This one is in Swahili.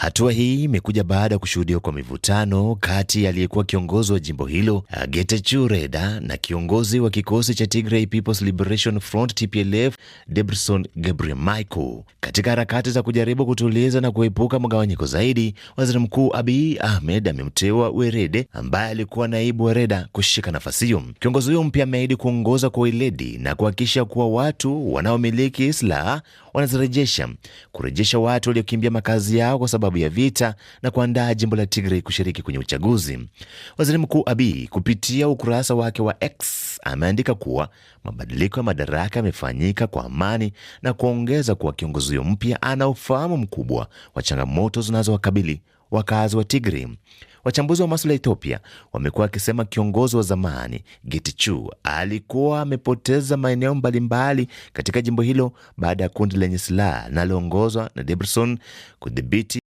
Hatua hii imekuja baada ya kushuhudiwa kwa mivutano kati ya aliyekuwa kiongozi wa jimbo hilo uh, Getachew Reda na kiongozi wa kikosi cha Tigray People's Liberation Front TPLF Debretsion Gebremichael katika harakati za kujaribu kutuliza na kuepuka mgawanyiko zaidi. Waziri Mkuu Abiy Ahmed amemteua Werede ambaye alikuwa naibu wa Reda kushika nafasi hiyo. Kiongozi huyo mpya ameahidi kuongoza kwa weledi na kuhakikisha kuwa watu wanaomiliki silaha wanazirejesha, kurejesha watu waliokimbia makazi yao kwa sababu sababu ya vita na kuandaa jimbo la Tigray kushiriki kwenye uchaguzi. Waziri Mkuu Abiy kupitia ukurasa wake wa X ameandika kuwa mabadiliko ya madaraka yamefanyika kwa amani na kuongeza kuwa kiongozi huyo mpya ana ufahamu mkubwa wa changamoto zinazowakabili wakazi wa Tigray. Wachambuzi wa masuala ya Ethiopia wamekuwa wakisema kiongozi wa zamani Getachew alikuwa amepoteza maeneo mbalimbali katika jimbo hilo baada ya kundi lenye silaha linaloongozwa na Debretsion kudhibiti